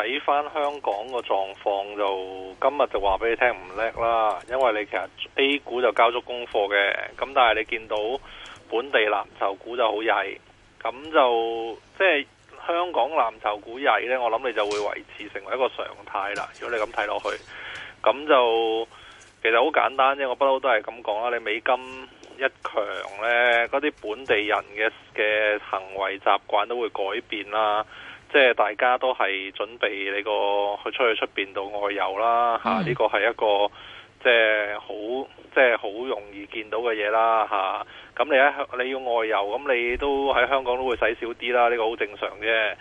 睇翻香港個狀況就今日就話俾你聽唔叻啦，因為你其實 A 股就交足功課嘅，咁但係你見到本地藍籌股就好曳，咁就即係、就是、香港藍籌股曳呢，我諗你就會維持成為一個常態啦。如果你咁睇落去，咁就其實好簡單啫，我不嬲都係咁講啦。你美金一強呢，嗰啲本地人嘅嘅行為習慣都會改變啦。即係大家都係準備你個去出去出邊度外遊啦嚇，呢個係一個即係好即係好容易見到嘅嘢啦嚇。咁、啊、你喺你要外遊，咁你都喺香港都會使少啲啦，呢、這個好正常啫。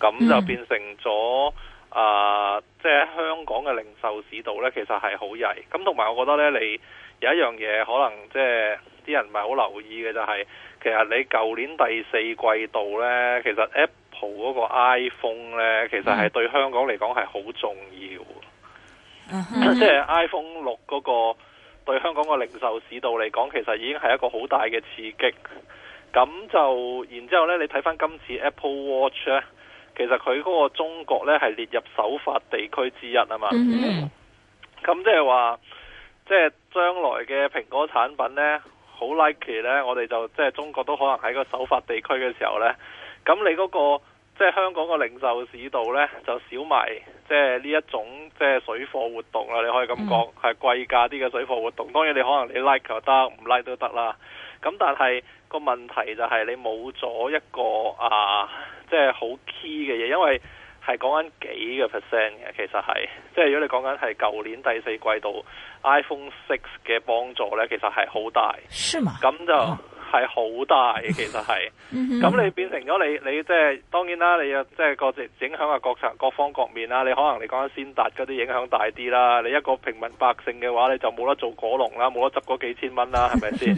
咁就變成咗、嗯、啊，即係香港嘅零售市道呢，其實係好曳。咁同埋我覺得呢，你有一樣嘢可能即係啲人唔係好留意嘅就係、是，其實你舊年第四季度呢，其實 App。好，嗰個 iPhone 咧，其實係對香港嚟講係好重要，uh huh. 即係 iPhone 六嗰個對香港個零售市道嚟講，其實已經係一個好大嘅刺激。咁就然之後咧，你睇返今次 Apple Watch 咧，其實佢嗰個中國咧係列入首發地區之一啊嘛。咁、uh huh. 即係話，即係將來嘅蘋果產品咧，好 lucky 咧，我哋就即係中國都可能喺個首發地區嘅時候咧。咁你嗰、那個即係香港嘅零售市道呢，就少埋即係呢一種即係水貨活動啦。你可以咁講，係貴價啲嘅水貨活動。當然你可能你 like 就得，唔 like 都得啦。咁但係個問題就係你冇咗一個啊，即係好 key 嘅嘢，因為係講緊幾個 percent 嘅，其實係即係如果你講緊係舊年第四季度 iPhone six 嘅幫助呢，其實係好大。係嗎？咁就。啊係好大嘅，其實係，咁、嗯、哼你變成咗你你即係當然啦，你即係個直影響啊，各層各方各面啦。你可能你講先達嗰啲影響大啲啦，你一個平民百姓嘅話，你就冇得做果農啦，冇得執嗰幾千蚊啦，係咪先？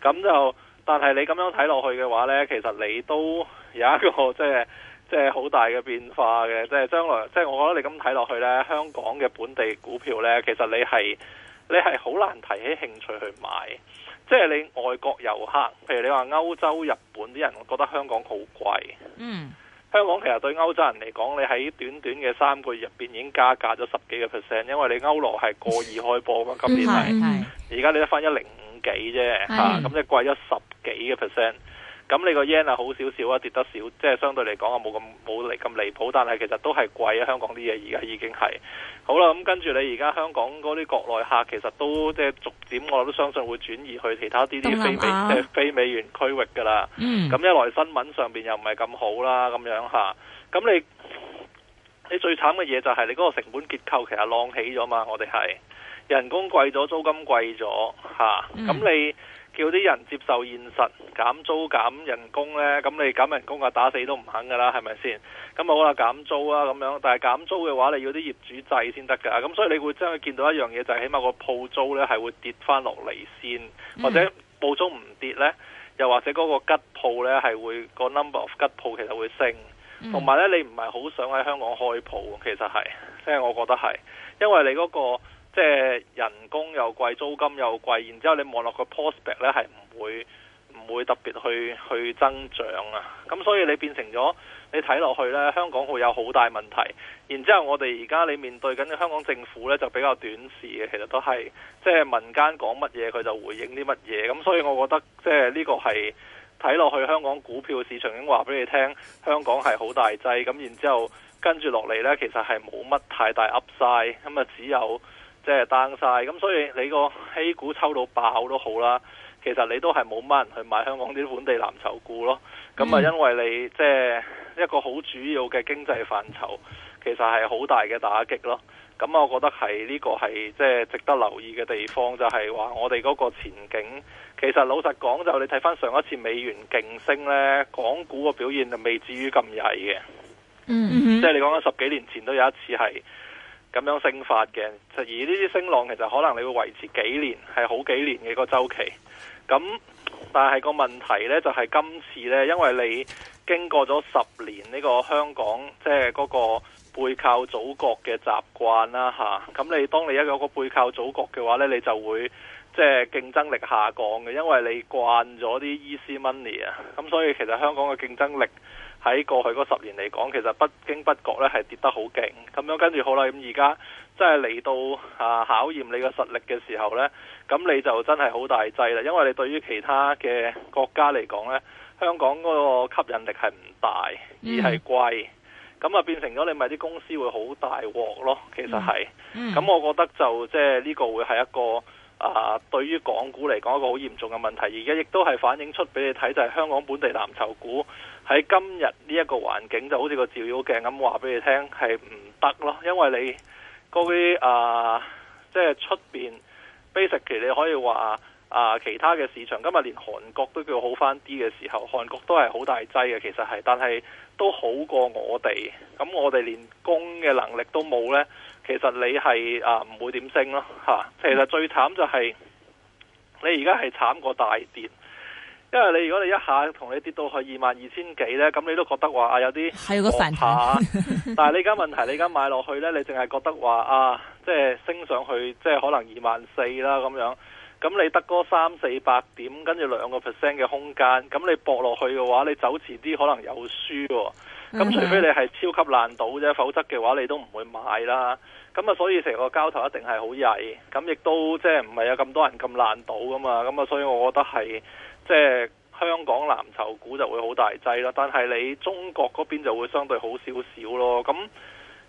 咁 就，但係你咁樣睇落去嘅話呢，其實你都有一個即係即係好大嘅變化嘅，即係將來，即係我覺得你咁睇落去呢，香港嘅本地股票呢，其實你係你係好難提起興趣去買。即係你外國遊客，譬如你話歐洲、日本啲人，我覺得香港好貴。嗯，香港其實對歐洲人嚟講，你喺短短嘅三個月入邊已經加價咗十幾個 percent，因為你歐羅係過二開波嘛，嗯、今年係，嗯嗯、而家你得翻一零五幾啫，吓，咁即係貴咗十幾個 percent。咁你個 yen 啊好少少啊，跌得少，即係相對嚟講啊冇咁冇嚟咁離譜，但係其實都係貴啊！香港啲嘢而家已經係好啦。咁跟住你而家香港嗰啲國內客其實都即係逐漸，我都相信會轉移去其他啲啲非美即係非美元區域㗎啦。咁、嗯、一來新聞上面又唔係咁好啦，咁樣嚇。咁你你最慘嘅嘢就係你嗰個成本結構其實浪起咗嘛。我哋係人工貴咗，租金貴咗吓，咁、啊嗯、你。叫啲人接受現實，減租減人工呢。咁你減人工啊打死都唔肯噶啦，係咪先？咁好啦，減租啊咁樣，但係減租嘅話，你要啲業主制先得噶，咁所以你會真係見到一樣嘢，就係、是、起碼個鋪租呢係會跌翻落嚟先，或者鋪租唔跌呢，又或者嗰個吉鋪呢係會個 number of 吉鋪其實會升，同埋、嗯、呢，你唔係好想喺香港開鋪，其實係，即係我覺得係，因為你嗰、那個。即係人工又貴，租金又貴，然之後你望落個 prospect 咧，係唔會唔會特別去去增長啊。咁所以你變成咗你睇落去咧，香港會有好大問題。然之後我哋而家你面對緊香港政府咧，就比較短視嘅，其實都係即係民間講乜嘢佢就回應啲乜嘢。咁所以我覺得即係呢個係睇落去香港股票市場已經話俾你聽，香港係好大劑。咁然之後跟住落嚟咧，其實係冇乜太大 Upside，咁啊只有。即係單晒，咁所以你個 A 股抽到爆都好啦，其實你都係冇乜人去買香港啲本地藍籌股咯。咁啊，因為你即係一個好主要嘅經濟範疇，其實係好大嘅打擊咯。咁我覺得係呢個係即係值得留意嘅地方，就係話我哋嗰個前景，其實老實講就你睇翻上一次美元勁升呢，港股個表現就未至於咁曳嘅。mm hmm. 嗯，即係你講緊十幾年前都有一次係。咁樣升法嘅，而呢啲升浪其實可能你會維持幾年，係好幾年嘅個周期。咁但係個問題呢，就係今次呢，因為你經過咗十年呢個香港，即係嗰個背靠祖國嘅習慣啦，吓、啊，咁你當你一個背靠祖國嘅話呢，你就會即係競爭力下降嘅，因為你慣咗啲 easy money 啊。咁所以其實香港嘅競爭力。喺過去嗰十年嚟講，其實不經不覺咧係跌得好勁，咁樣跟住好啦，咁而家即係嚟到啊考驗你嘅實力嘅時候呢，咁你就真係好大劑啦，因為你對於其他嘅國家嚟講呢，香港嗰個吸引力係唔大，而係貴，咁啊、嗯、變成咗你咪啲公司會好大鑊咯，其實係，咁、嗯、我覺得就即係呢個會係一個。啊，對於港股嚟講一個好嚴重嘅問題，而家亦都係反映出俾你睇，就係香港本地藍籌股喺今日呢一個環境，就好似個照妖鏡咁，話俾你聽係唔得咯。因為你嗰啲啊，即係出面 basically，你可以話啊，其他嘅市場今日連韓國都叫好翻啲嘅時候，韓國都係好大劑嘅，其實係，但係都好過我哋。咁我哋連供嘅能力都冇呢。其實你係啊唔會點升咯吓、啊，其實最慘就係、是、你而家係慘過大跌，因為你如果你一下同你跌到去二萬二千幾呢，咁你都覺得話啊有啲吓，是個但係你而家問題， 你而家買落去呢，你淨係覺得話啊，即係升上去，即係可能二萬四啦咁樣，咁你得嗰三四百點，跟住兩個 percent 嘅空間，咁你搏落去嘅話，你走遲啲可能有輸，咁除非你係超級爛賭啫，否則嘅話你都唔會買啦。咁啊，所以成個交投一定係好曳，咁亦都即係唔係有咁多人咁爛賭噶嘛，咁啊，所以我覺得係即係香港藍籌股就會好大劑啦，但係你中國嗰邊就會相對好少少咯，咁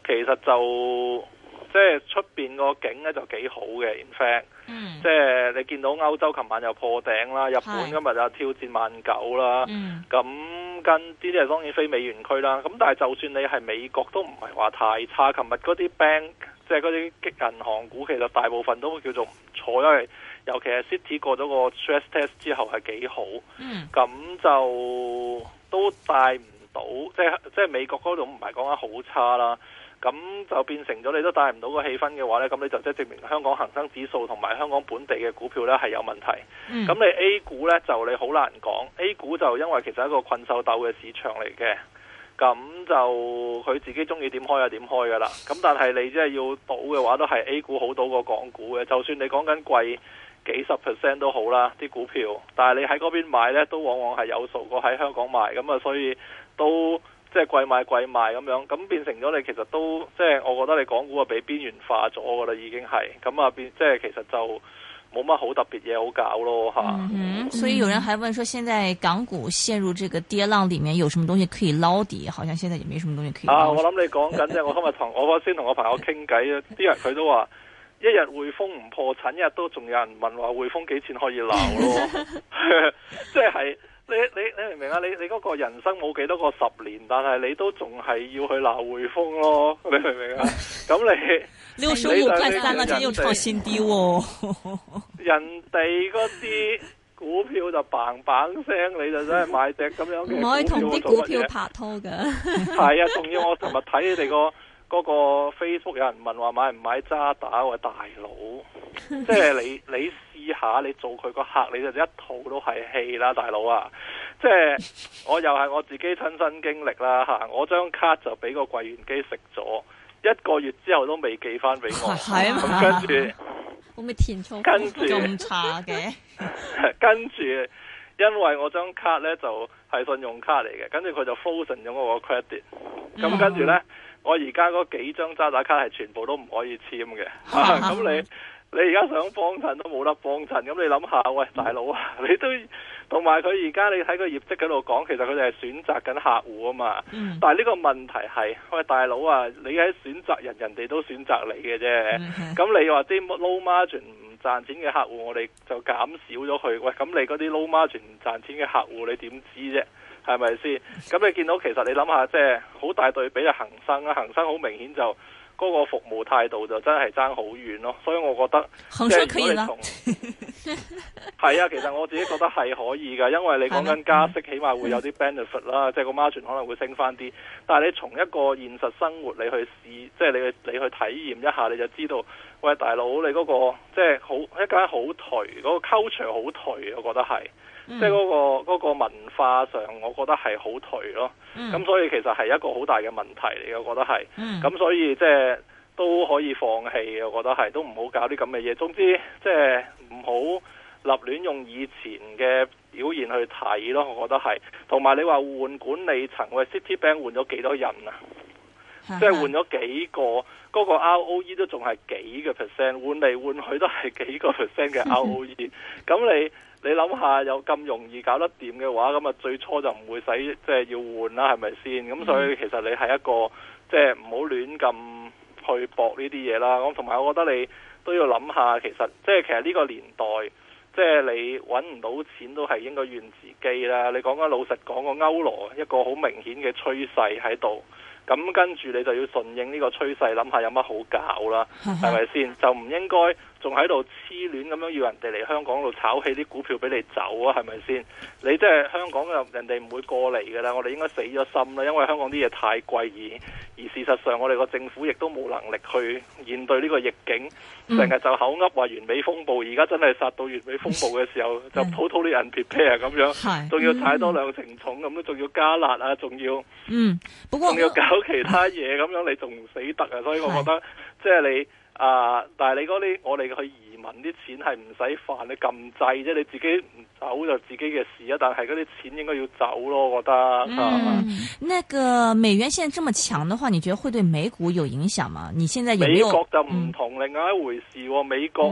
其實就。即係出邊個景咧就幾好嘅，in fact，、嗯、即係你見到歐洲琴晚又破頂啦，日本今日又挑戰萬九啦，咁跟呢啲係當然非美元區啦。咁但係就算你係美國都唔係話太差，琴日嗰啲 bank 即係嗰啲激銀行股，其實大部分都叫做唔錯，因為尤其係 city 過咗個 stress test 之後係幾好，咁、嗯、就都帶唔到，即係即係美國嗰度唔係講緊好差啦。咁就變成咗你都帶唔到個氣氛嘅話呢，咁你就即係證明香港恒生指數同埋香港本地嘅股票呢係有問題。咁你 A 股呢，就你好難講、mm.，A 股就因為其實係一個困獸鬥嘅市場嚟嘅，咁就佢自己中意點開就點開噶啦。咁但係你即係要賭嘅話，都係 A 股好賭過港股嘅。就算你講緊貴幾十 percent 都好啦，啲股票，但係你喺嗰邊買呢，都往往係有數過喺香港買。咁啊，所以都。即係貴賣貴賣咁樣，咁變成咗你其實都即係，就是，我覺得你港股啊被邊緣化咗噶啦，已經係咁啊變，即係其實就冇乜好特別嘢好搞咯吓，嗯。所以有人還問說，現在港股陷入這個跌浪裏面，有什麼東西可以撈底？好像現在也沒什麼東西，可以撈底啊，我諗你講緊即係，我今日同我先同我朋友傾偈啊，啲人佢都話，一日匯豐唔破產，一日都仲有人問話匯豐幾錢可以撈咯，即係， 就是。你你你明唔明啊？你你嗰個人生冇幾多個十年，但係你都仲係要去鬧匯豐咯？你明唔明 啊？咁你你要收入再低，但係你又創新低喎。人哋嗰啲股票就砰砰聲，你就真係買隻咁樣嘅，唔 可以同啲股，股票拍拖噶。係 啊，仲要我尋日睇你哋、嗰個嗰、嗰個 Facebook 有人問話買唔買渣打啊大佬，即係你你。你依下你做佢個客，你就一肚都係氣啦，大佬啊！即係我又係我自己親身經歷啦吓，我張卡就俾個櫃員機食咗，一個月之後都未寄翻俾我，係嗎啊嘛，跟住可唔可以填充咁著差嘅？ 跟住因為我張卡咧就係、是、信用卡嚟嘅，跟住佢就 frozen 咗我個 credit，咁、嗯、跟住咧我而家嗰幾張渣打卡係全部都唔可以簽嘅，咁嗎、啊、你？你而家想幫襯都冇得幫襯，咁你諗下，喂大佬啊，你都同埋佢而家你睇個業績喺度講，其實佢哋係選擇緊客戶啊嘛。但呢個問題係，喂大佬啊，你喺選擇人，人哋都選擇你嘅啫。咁你話啲 low margin 唔賺錢嘅客戶，我哋就減少咗佢。喂，咁你嗰啲 low margin 唔賺錢嘅客戶，你點知啫？係咪先？咁你見到其實你諗下，即係好大對比啊，恒生啊，恒生好明顯就。嗰個服務態度就真係爭好遠咯，所以我覺得，即係如果你從係 啊，其實我自己覺得係可以噶，因為你講緊加息，起碼會有啲 benefit 啦，即係嗎個 margin 可能會升翻啲。但係你從一個現實生活你去試，即係你去你去體驗一下，你就知道，喂，大佬你嗰個即係好一間好頹，嗰個 culture 好頹，我覺得係。即係、那、嗰個、嗯、嗰個文化上我、嗯，我覺得係好頹咯。咁、嗯、所以其實係一個好大嘅問題嚟嘅，我覺得係。咁所、就是、以即係都可以放棄，我覺得係都唔好搞啲咁嘅嘢。總之即係唔好立亂用以前嘅表現去睇咯，我覺得係。同埋你話換管理層，喂 City Bank 換咗幾多人啊？即係換咗幾個，嗰、嗯、個 ROE 都仲係幾個 percent，換嚟換去都係幾個 percent 嘅 ROE。咁你？你諗下，有咁容易搞得掂嘅話，咁啊最初就唔會使即係要換啦，係咪先？咁、mm hmm. 所以其實你係一個即係唔好亂咁去搏呢啲嘢啦。咁同埋我覺得你都要諗下，其實即係其實呢個年代，即係你揾唔到錢都係應該怨自己啦。你講緊老實講，個歐羅一個好明顯嘅趨勢喺度，咁跟住你就要順應呢個趨勢，諗下有乜好搞啦，係咪先？Mm hmm. 就唔應該。仲喺度痴戀咁樣，要人哋嚟香港度炒起啲股票俾你走啊？係咪先？你即係香港嘅人哋唔會過嚟㗎啦。我哋應該死咗心啦，因為香港啲嘢太貴，而而事實上，我哋個政府亦都冇能力去面對呢個逆境，成日、嗯、就口噏話完美風暴，而家真係殺到完美風暴嘅時候，是就普通啲人撇撇呀。咁樣，仲是要踩多兩程，重咁樣仲要加辣啊，仲要嗯，仲要搞其他嘢咁樣，是你仲唔死得啊！所以我覺得是即係你。啊！但係你嗰啲我哋去移民啲錢係唔使煩你撳掣啫，你自己唔走就自己嘅事啊。但係嗰啲錢應該要走咯，我覺得。嗯，啊、那個美元現在這麼強的話，你覺得會對美股有影響嗎？你現在有，有美國就唔同、嗯、另外一回事，美國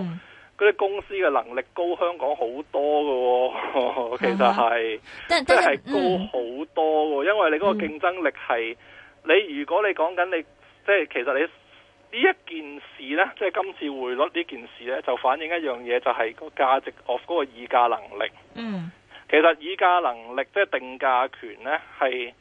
嗰啲、嗯、公司嘅能力高香港好多㗎，其實係真係高好多㗎，嗯、因為你嗰個競爭力係、嗯、你如果你講緊你即係其實你。呢一件事呢，即係今次匯率呢件事呢，就反映一樣嘢，就係個價值 of 嗰個議價能力。嗯，其實議價能力即係、就是、定價權呢，係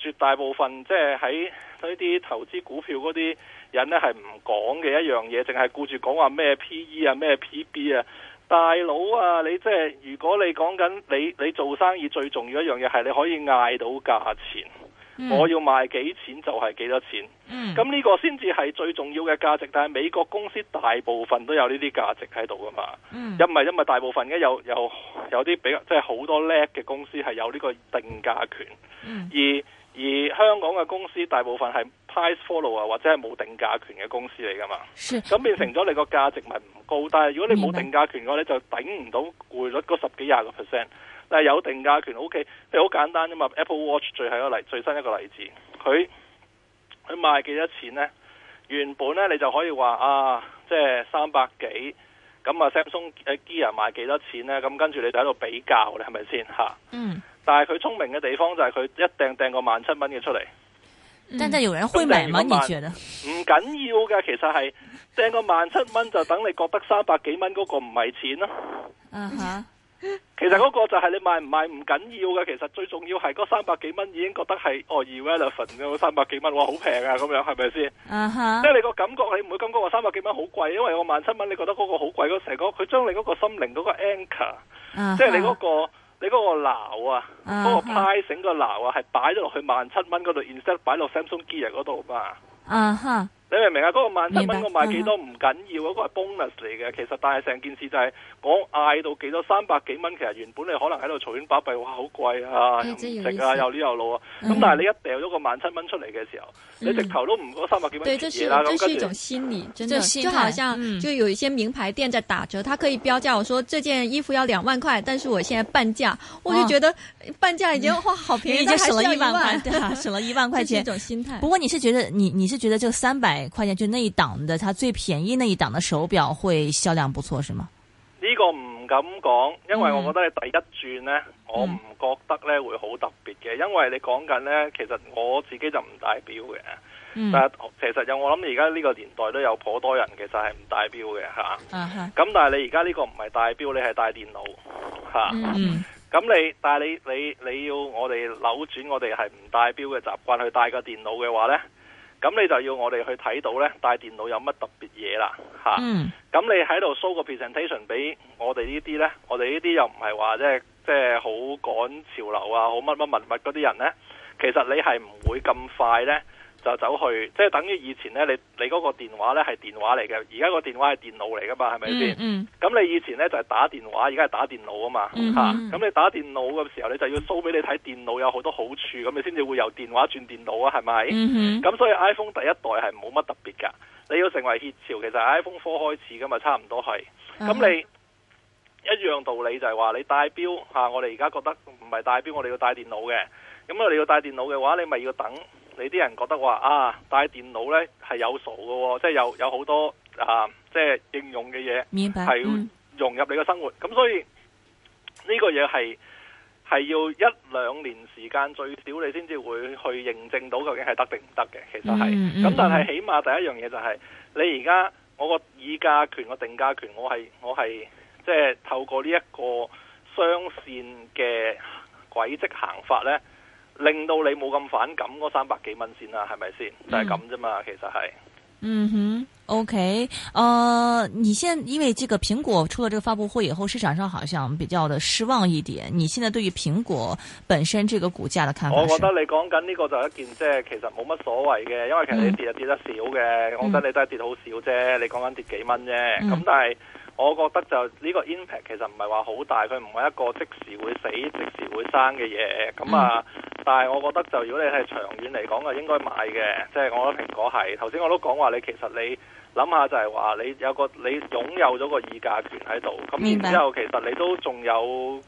絕大部分即係喺呢啲投資股票嗰啲人呢，係唔講嘅一樣嘢，淨係顧住講話咩 P E 啊、咩 P B 啊、大佬啊，你即、就、係、是、如果你講緊你你做生意最重要一樣嘢係你可以嗌到價錢。我要賣幾錢就係幾多錢，咁呢個先至係最重要嘅價值。但係美國公司大部分都有呢啲價值喺度噶嘛，因為因為大部分有有有啲比較即係好多叻嘅公司係有呢個定價權，嗯、而而香港嘅公司大部分係 price follower 啊或者係冇定價權嘅公司嚟噶嘛，咁是 變成咗你個價值咪唔高。但係如果你冇定價權嘅話，你就頂唔到匯率嗰十幾廿個 percent。嗱，有定價權 OK，你好簡單啫嘛。Apple Watch，最後一個例，最新一個例子，佢佢賣幾多錢呢？原本呢，你就可以話啊，即係三百幾咁啊，Samsung Gear 賣幾多錢呢？咁跟住你就喺度比較你係咪先嚇？嗯。但係佢聰明嘅地方就係佢一定掟個，個萬七蚊嘅出嚟。但係有人會買嗎？你覺得唔緊要嘅，其實係掟個萬七蚊就等你覺得三百幾蚊嗰個唔係錢咯、啊。嗯嚇。嗯其實嗰個就係你賣唔賣唔緊要嘅，其實最重要係嗰三百幾蚊已經覺得係，哦、oh,，relevant 嗰三百幾蚊，哇，好平啊，咁樣係咪先？即係、uh huh. 你個感覺，你唔會感覺話三百幾蚊好貴，因為我萬七蚊你覺得嗰個好貴嗰成個，佢將你嗰個心靈嗰個 anchor，即係你嗰、個你嗰個錨啊，嗰、uh huh. 個派繩個錨啊，係擺咗落去萬七蚊嗰度，instead 擺落 Samsung Gear 嗰度嘛？Uh huh. 你明唔明啊？嗰個萬七蚊我賣幾多唔緊要啊！嗰個係 bonus 嚟嘅，其實但係成件事就係我嗌到幾多三百幾蚊，其實原本你可能喺度嘈冤巴閉哇好貴啊，唔值啊，又呢又路啊。咁但係你一掉咗個萬七蚊出嚟嘅時候，你直頭都唔嗰三百幾蚊對，這是一種對心理，真的就好像就有一些名牌店在打折，它可以標價，我說這件衣服要兩萬塊，但是我現在半價，我就覺得半價已經哇好便宜，已經省了一萬塊，對，省了一萬塊錢。一種心態。不過你是覺得你你是覺得就三百。快件就那一檔的，它最便宜那一檔的手表會銷量不錯，是嗎？呢個唔敢講，因為我覺得第一轉呢、嗯、我唔覺得咧會好特別嘅，嗯、因為你講緊咧，其實我自己就唔戴表嘅。嗯、但係其實有我諗，而家呢個年代都有好多人其實係唔戴表嘅吓。咁、啊哈啊、但係你而家呢個唔係戴表，你係帶電腦吓。咁你但係你你，你要我哋扭轉我哋係唔戴表嘅習慣去帶個電腦嘅話呢咁你就要我哋去睇到呢，帶電腦有乜特別嘢啦，嚇、啊。咁、嗯、你喺度 show 個 presentation 俾我哋呢啲呢，我哋呢啲又唔係話即係即係好趕潮流啊，好乜乜物物嗰啲人呢。其實你係唔會咁快呢。就走去，即係等於以前呢，你你嗰個電話呢係電話嚟嘅，而家個電話係電腦嚟噶嘛，係咪先？咁、mm hmm. 你以前呢就係、是、打電話，而家係打電腦啊嘛，吓、mm。咁、hmm. 啊、你打電腦嘅時候，你就要 show 俾你睇電腦有好多好處，咁你先至會由電話轉電腦啊，係咪？咁、mm hmm. 所以 iPhone 第一代係冇乜特別噶，你要成為熱潮，其實 iPhone four 開始噶嘛，差唔多係。咁你、mm hmm. 一樣道理就係、啊、話，你戴表吓，我哋而家覺得唔係戴表我哋要戴電腦嘅。咁我哋要戴電腦嘅話，你咪要等。你啲人覺得話啊，帶電腦呢係有傻嘅喎、哦，即係有有好多啊，即係應用嘅嘢係融入你嘅生活。咁、嗯、所以呢、呢個嘢係係要一兩年時間，最少你先至會去認證到究竟係得定唔得嘅。其實係咁，嗯嗯、但係起碼第一樣嘢就係、係、你而家我個議價權、個定價權，我係我係即係透過呢一個雙線嘅軌跡行法呢。令到你冇咁反感嗰三百幾蚊先啦、啊，係咪先？嗯、就係咁啫嘛，其實係。嗯哼，OK，誒、呃，你而家因為這個蘋果出了這個發布會以後，市場上好像比較的失望一點。你現在對於蘋果本身這個股價的看法？我覺得你講緊呢個就一件，即係其實冇乜所謂嘅，因為其實你跌就跌得少嘅。嗯、我覺得你都係跌好少啫，你講緊跌幾蚊啫。咁、嗯、但係。我覺得就呢個 impact 其實唔係話好大，佢唔係一個即時會死、即時會生嘅嘢。咁啊，mm hmm. 但係我覺得就如果你係長遠嚟講啊，應該買嘅。即係我覺得蘋果係頭先我都講話，你其實你諗下就係話你有個你擁有咗個議價權喺度，咁、mm hmm. 然之後其實你都仲有。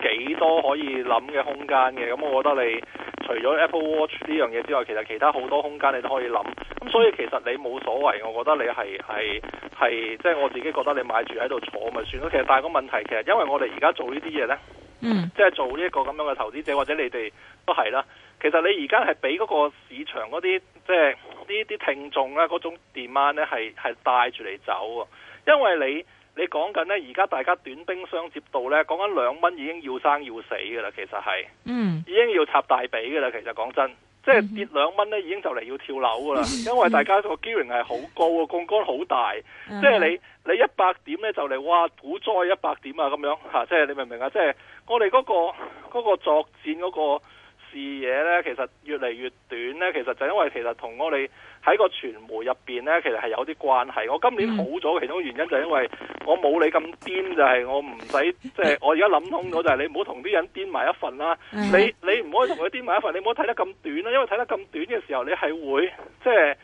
幾多可以諗嘅空間嘅，咁我覺得你除咗 Apple Watch 呢樣嘢之外，其實其他好多空間你都可以諗。咁所以其實你冇所謂，我覺得你係係係，即係、就是、我自己覺得你買住喺度坐咪算咯。其實但係個問題，其實因為我哋而家做呢啲嘢呢，嗯、即係做呢一個咁樣嘅投資者，或者你哋都係啦。其實你而家係俾嗰個市場嗰啲，即係呢啲聽眾啊，嗰種 demand 呢係係帶住你走啊，因為你。你講緊呢，而家大家短兵相接到呢，講緊兩蚊已經要生要死㗎啦，其實係，嗯，已經要插大髀㗎啦，其實講真，即係跌兩蚊呢，已經就嚟要跳樓㗎啦，因為大家個機 g 係好高啊，槓杆好大， 即係你你一百點呢，就嚟哇，股再一百點啊咁樣即係你明唔明啊？即係我哋嗰、那個嗰、那個作戰嗰、那個。視野咧，其實越嚟越短咧，其實就因為其實同我哋喺個傳媒入邊咧，其實係有啲關係。我今年好咗，其中原因就係因為我冇你咁癲，就係、是、我唔使即係我而家諗通咗，就係、是、你唔好同啲人癲埋一份啦、啊。 你你唔可以同佢癲埋一份，你唔好睇得咁短啦、啊，因為睇得咁短嘅時候，你係會即係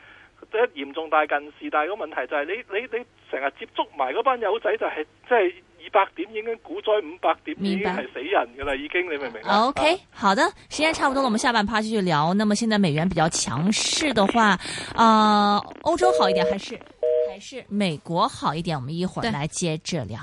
即係嚴重大近視，但係個問題就係你你你成日接觸埋嗰班友仔，就係即係。二百點已經股災，五百點已經係死人噶啦，已經你明唔明？OK，好的，時間差不多了，我們下半趴繼續聊。那麼現在美元比較強勢的話，啊、呃，歐洲好一點還是還是美國好一點？我們一會兒來接着聊。